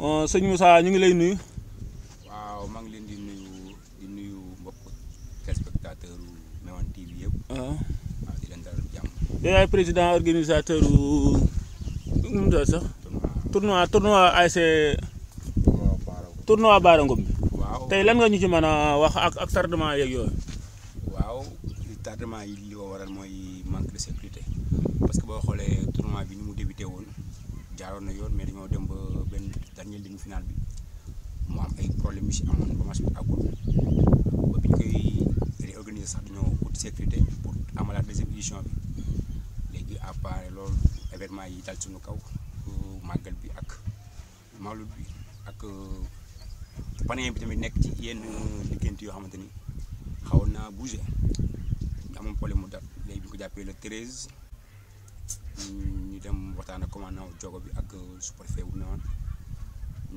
Euh, sëñ Moussa ñu ngi lay nuyu. waaw maa ngi leen di nuyu di nuyu mbokk téléspectateur u Meouane TV yëpp. Ah. waaw di leen dalal jàmm. yow yaay président organisateur u nu mu sax. tournoi tournoi ASC. tournoi Bara bi. waaw tey lan nga ñu ci mën a wax ak ak tardement yeeg yooyu. waaw tardement yi li ko waral mooy manque de sécurité parce que boo xoolee tournoi bi ni mu débuté woon. jaaroon na yoon mais dañoo dem ba benn dernier ligne finale bi moo am ay problème yu si amoon ba match bi àggul ba bi ñu koy sécurité pour amalaat deuxième léegi à part loolu événement yi dal suñu kaw màggal bi ak mawlud bi ak euh, panin bi tamit nekk ci yenn diggante yoo xamante ni xawoon naa bougé amoon problème mu dal léegi bi ñu ko jàppee le 13. ñu dem waxtaan a ak commandant Diogo bi ak euh, sous-préfet wu ñu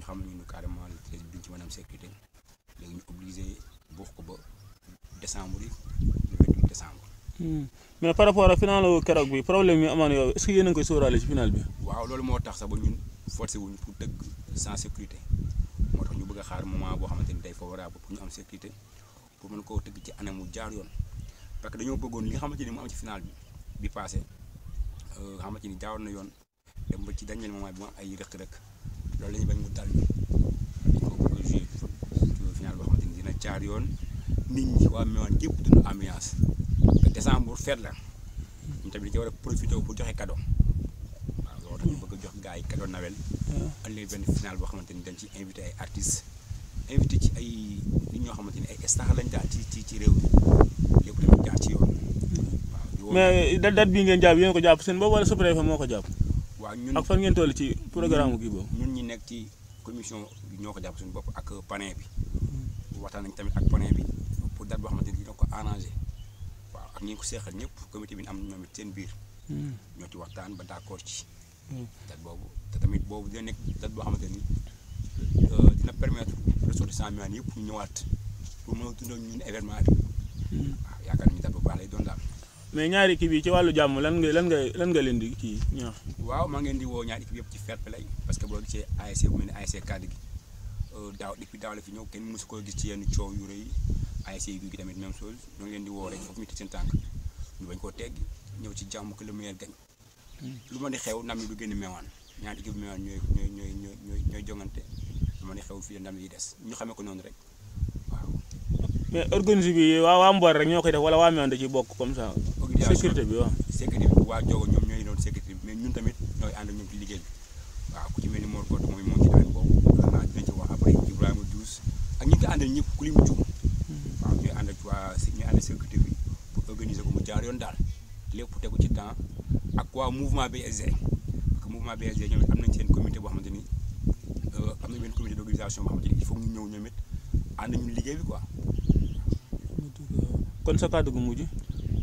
xam ñu ne carrément treize bi ci mën a sécurité léegi ñu obligé buux ko ba décembre yi le vingt-huit décembre. Hmm. mais par rapport ak final keroog bi problème yi amoon yow est-ce que yéen a ngi koy ci final bi. waaw loolu moo tax sax ba ñun forcé wuñu pour dëgg sans sécurité moo tax ñu bëgg xaar moment boo xamante ni day favorable pour ñu am sécurité pour mën koo tëgg ci anam mu jaar yoon parce que dañoo bëggoon li nga xamante ni mu ci final bi bi xamante ni jaaroon na yoon dem ba ci dañu leen moment bi moom ay rëkk-rëkk loolu la ñu bañ mu dal ñu ko bëgg a joué final boo xamante ni dina jaar yoon nit ñi waa Méouane gépp dund ambiance te décembre fête la ñu tamit dañu war a profité pour joxe kado waaw loolu tamit bëgg jox gars yi cadeau Noël. andi benn final boo xamante ni dañ ci invité ay artistes invité ci ay nit ñoo xamante ni ay star lañ daal ci ci ci réew mi lépp tamit jaar ci yoon. mais date bi ngeen jàpp yéen ko jàpp seen boobu wala sous-préfet moo ko jàpp. waaw ñun ak fan ngeen toll ci programme kii boobu. ñun ñi nekk ci commission bi ñoo ko jàpp suñu bopp ak panel bi waxtaan nañ tamit ak panel bi pour date boo xamante ni ñoo ko arrangé waaw ak ñi ko seexal ñëpp comité bi am ñoom it seen hmm. ñoo ci waxtaan ba d'accord ci. Hmm. date boobu te tamit boobu dina nekk date boo xamante ni euh, dina permettre ressortissants yëpp ñu ñëwaat pour mën a dundal ñun événement bi. Hmm. waaw mais ñaari équipe yi ci wàllu jàmm lan nga lan nga lan nga leen di kii ñaax. waaw maa ngeen di woo ñaari équipe yëpp ci fair play parce que boo gisee ASC bu mel ni ASC kaddu gi euh, daaw depuis daaw la fi ñëw kenn mësu koo gis ci yenn coow yu rëy ASC yu gi tamit même chose ñoo ngi leen di woo rek foofu ñu teg koo teggi ñëw ci jàmm que le meilleur gagne. lu ma di xew ndam yi du gën mewaan meewaan ñaari équipe meewaan ñooy ñooy ñooy ñooy ñooy jongante lu ma di xew fii ndam yi des ñu xamee ko noonu rek. mais organisé bi waa waa Mbor rek ñoo koy def wala waa Mewane da ciy bokk comme ça. situation sécurité bi waa Diogo ñoom ñooy doon sécurité bi mais ñun tamit ñooy ànd ñoom ci liggéey bi waaw ku ci mel ni moo ci domaine boobu ñëpp ku lim juum hmm. waaw ñooy ànd ak waa ko mu jaar yoon daal lépp tegu ci temps ak waa mouvement BSG parce que mouvement BSG ñoom am nañ seen comité boo xamante ni euh, am nañ benn comité d'organisation boo xamante ñu ñëw ñoom it ñu liggéey bi quoi. kon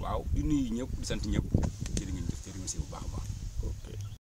waaw di nuy ñëpp di sant ñëpp.